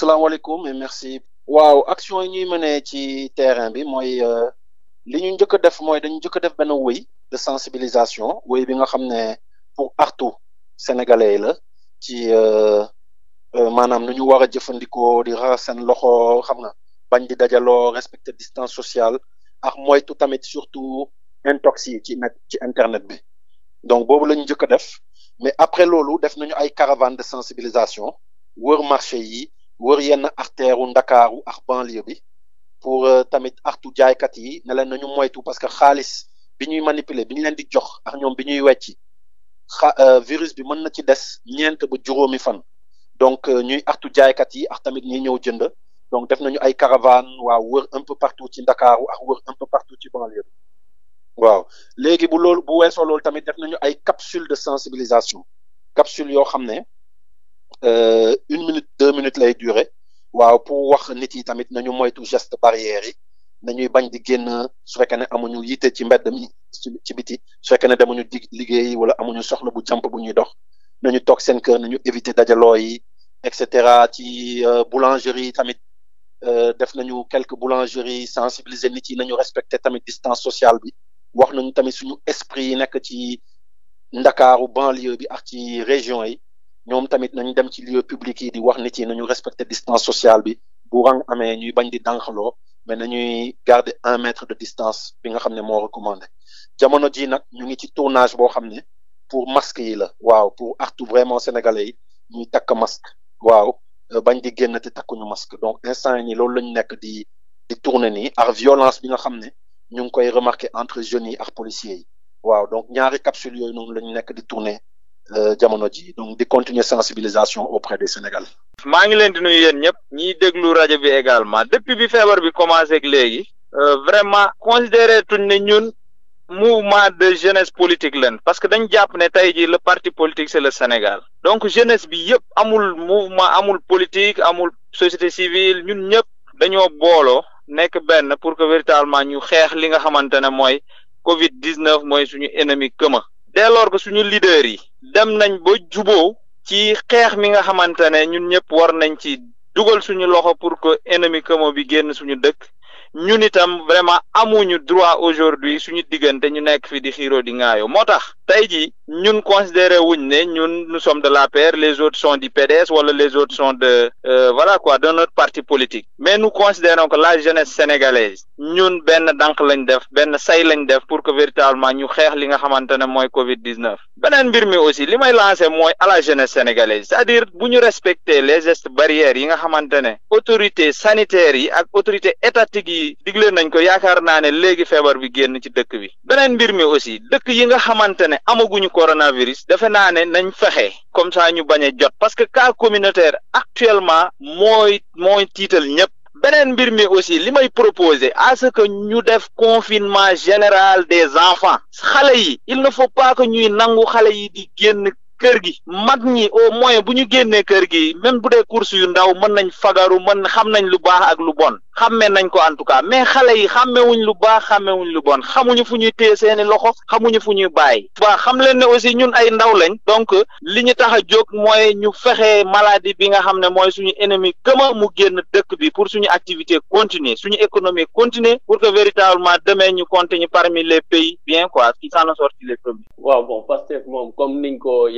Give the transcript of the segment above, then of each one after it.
salaamaaleykum et merci waaw action yi ñuy mënee ci terrain bi mooy euh, li ñu njëkk def mooy dañu njëkk a def benn wëy de sensibilisation wëy bi nga xam ne pour artu yi la ci euh, euh, maanaam nu ñu war a jëfandikoo di raxas seen loxo xam nga bañ di dajaloo respecter distance sociale ak moytu tamit surtout intox yi ci net ci internet bi donc boobu la ñu njëkk a def mais après loolu def nañu ay caravane de sensibilisation wër marché yi wër yenn artère ndakaaru ak banlieue bi pour euh, tamit artu jaaykat yi ne leen nañu moytu parce que xaalis bi ñuy manipuler bi ñu leen di jox ak ñoom bi ñuy wecci xa euh, virus bi mën na ci des ñeent ba juróomi fan donc euh, ñuy artu jaaykat yi ak tamit ñi ñëw jënd donc def nañu ay caravane waaw wër un peu partout ci ndakaaru ak wër un peu partout ci banlieue bi waaw léegi bu loolu bu weesoo loolu tamit def nañu ay capsule de sensibilisation capsule yoo xam ne Euh, une minute deux minutes lay durer waaw pour wax nit yi tamit nañu moytu geste barrière yi nañuy bañ di génn su fekkee ne amuñu yitte ci mbedd mi ci biti su fekkee ne demuñu di liggéey wala amuñu soxla bu jàmp bu ñuy dox na nañu toog seen kër nañu éviter dajaloo yi et cetera ci euh, boulangerie tamit euh, def nañu quelques boulangeries sensibiliser nit yi nañu respecter tamit distance sociale bi wax nañu tamit suñu esprit yi nekk ci ndakaaru banlieue bi ak ci région yi ñoom tamit nañu dem ci lieu public yi di wax nit yi nañu respecter distance sociale bi bu rang amee ñuy bañ di dànqaloo mais nañuy garder un mètre de distance bi nga xam ne moo recommandé jamono ji nag ñu ngi ci tournage boo xam ne pour masque yi la waaw pour artu vraiment sénégalais yi ñuy takk masque waaw euh, bañ di génn te takkuñu masque donc instant yi nii loolu lañ nekk di di tourner nii ak violence bi nga xam ne ñu ngi koy remarquer entre jeunes yi ak policiers yi waaw donc ñaari capsule yooyu noonu lañu nekk di tourner Euh, jamono ji donc di continuer sensibilisation auprès des Sénégalais. maa ngi leen di nuyu yéen ñëpp ñiy déglu rajo bi également depuis bi feebar bi commencé ak léegi euh, vraiment considéré tuñ ne ñun mouvement de jeunesse politique leen parce que dañ jàpp ne tey jii le parti politique c'est le Sénégal donc jeunesse bi yëpp amul mouvement amul politique amul société civile ñun ñëpp dañoo booloo nekk benn pour que véritablement ñu xeex li nga xamante ne mooy Covid 19 mooy suñu ennemi këma dès lors que suñu leader yi dem nañ ba juboo ci xeex mi nga xamante ne ñun ñëpp war nañ ci dugal suñu loxo pour que ennemi commun bi génn suñu dëkk ñun itam vraiment amuñu droit aujourd'hui suñu diggante ñu nekk fi di xiiroo di ŋaayoo moo tax tey jii ñun considéré wuñ ne ñun nous sommes de l'APR les autres son du PDS wala les autres son de euh, voilà quoi de notre parti politique mais nous considérons que la jeunesse sénégalaise ñun benn dànk lañ def benn say lañ def pour que véritablement ñu xeex li nga xamante ne mooy Covid 19. beneen mbir mi aussi li may lancer mooy à la jeunesse sénégalaise cest dire bu ñu respecter les gestes barrières yi nga xamante ne autorités sanitaires yi ak autorités étatiques yi digle nañ ko yaakaar naa ne léegi feebar bi génn ci dëkk bi ne amaguñu coronavirus defe naa ne nañ fexe comme ça ñu bañ a jot parce que cas communautaire actuellement mooy mooy tiital ñëpp. beneen mbir mi aussi li may proposer à que ñu def confinement général des enfants xale yi il ne faut ñuy nangu xale yi di génn kër gi mag ñi au moins bu ñu génnee kër gi même bu dee course yu ndaw mën nañ fagaru mën xam nañ lu baax ak lu bon xammee nañ ko en tout cas mais xale yi xàmmewuñ lu baax xàmmewuñ lu bon xamuñu fu ñu téye seeni loxo xamuñu fu ñuy bàyyi waa xam leen ne aussi ñun ay ndaw lañ donc li ñu tax a jóg mooy ñu fexe maladi bi nga xam ne mooy suñu ennemi gëma mu génn dëkk bi pour suñu activité continuer suñu économie continuer pour que véritablement demain ñu continuer parmi les pays bien quoi qui s'en sortent les premiers waaw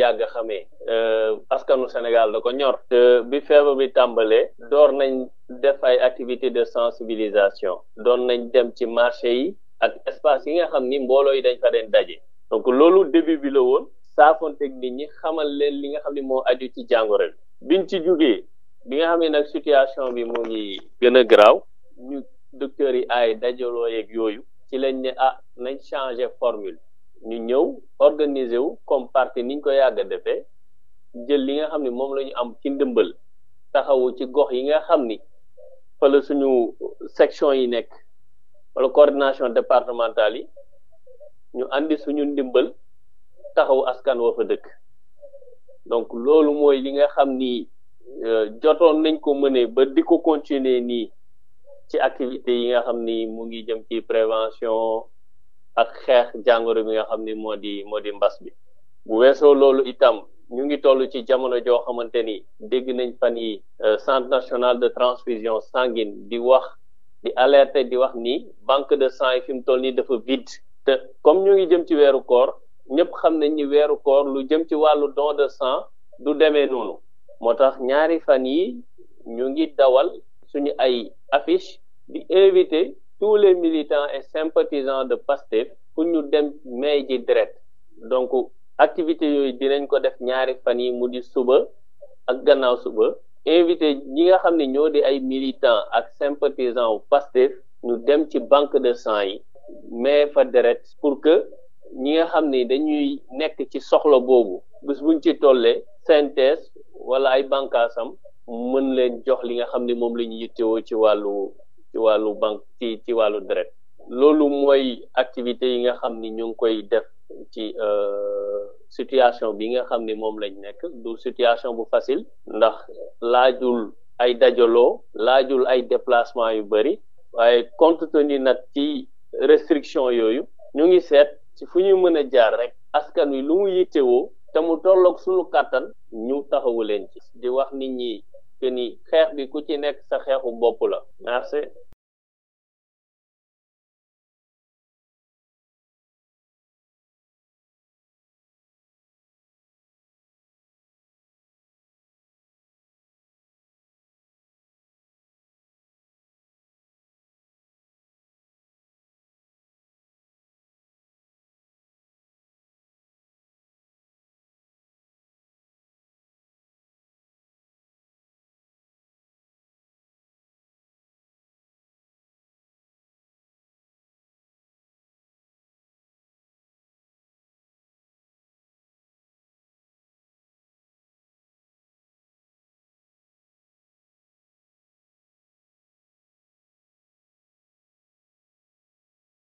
yàgg xamee euh, askanu Sénégal da ko ñor te euh, bi feebar bi tàmbalee door nañ def ay activité de sensibilisation doon nañ dem ci marché yi ak espace yi nga xam ni mbooloo yi dañ fa leen daje donc loolu début bi la woon saafonteeg nit ñi xamal leen li nga xam ne moo aju ci jàngoro bi biñ ci jugee bi nga xam ne nag situation bi mu ngi gën a garaaw ñu docteurs yi ay dajaloo yeeg yooyu ci lañ ne ah nañ changer formule ñu ñëw organiser wu comme parti niñ ko yàgg a jël li nga xam ni moom la ñu am ki ndëmbal taxawu ci gox yi nga xam ni fa suñu section yi nekk wala coordination départementale yi ñu andi suñu ndimbal taxawu askan wa fa dëkk donc loolu mooy li nga xam ni euh, jotoon nañ ko mënee ba di ko continuer nii ci activité yi nga xam ni mu ngi jëm ci prévention ak xeex jàngoro bi nga xam ni moo di moo di mbas bi bu weesoo loolu itam ñu ngi toll ci jamono joo xamante ni dégg nañ fan yi euh, centre national de transfusion sanguine di wax di alerte di wax ni banque de sang yi fi mu toll nii dafa vide te comme ñu ngi jëm ci weeru koor ñëpp xam nañ ni weeru koor lu jëm ci wàllu don de sang du demee noonu moo tax ñaari fan yi ñu ngi dawal suñu ay affiche di invité tous les militants et sympathisants de Pastef pour ñu dem mais ji deret donc activité yooyu dinañ ko def ñaari fan yi mu di suba ak gannaaw suba invité ñi nga xam ni ñoo di ay militants ak sympathisants wu Pastef ñu dem ci banque de sang yi mais fa deret pour que ñi nga xam ni dañuy nekk ci soxla boobu bés buñ ci tollee synthèse wala ay bànkaasam mën leen jox li nga xam ni moom la ñu yittewoo ci wàllu ci wàllu banque ci ci wàllu deret loolu mooy activité yi nga xam ni ñu ngi koy def ci euh, situation bi nga xam ni moom lañ nekk du situation bu facile ndax laajul ay dajaloo laajul ay déplacement yu bëri waaye compte tenu nag ci restriction yooyu ñu ngi seet ci fu ñu mën a jaar rek askan wi lu mu yittewoo te mu tolloog suñu kàttan ñu taxawu leen ci di wax nit ñi que ni xeex bi ku ci nekk sa xeexu bopp la merci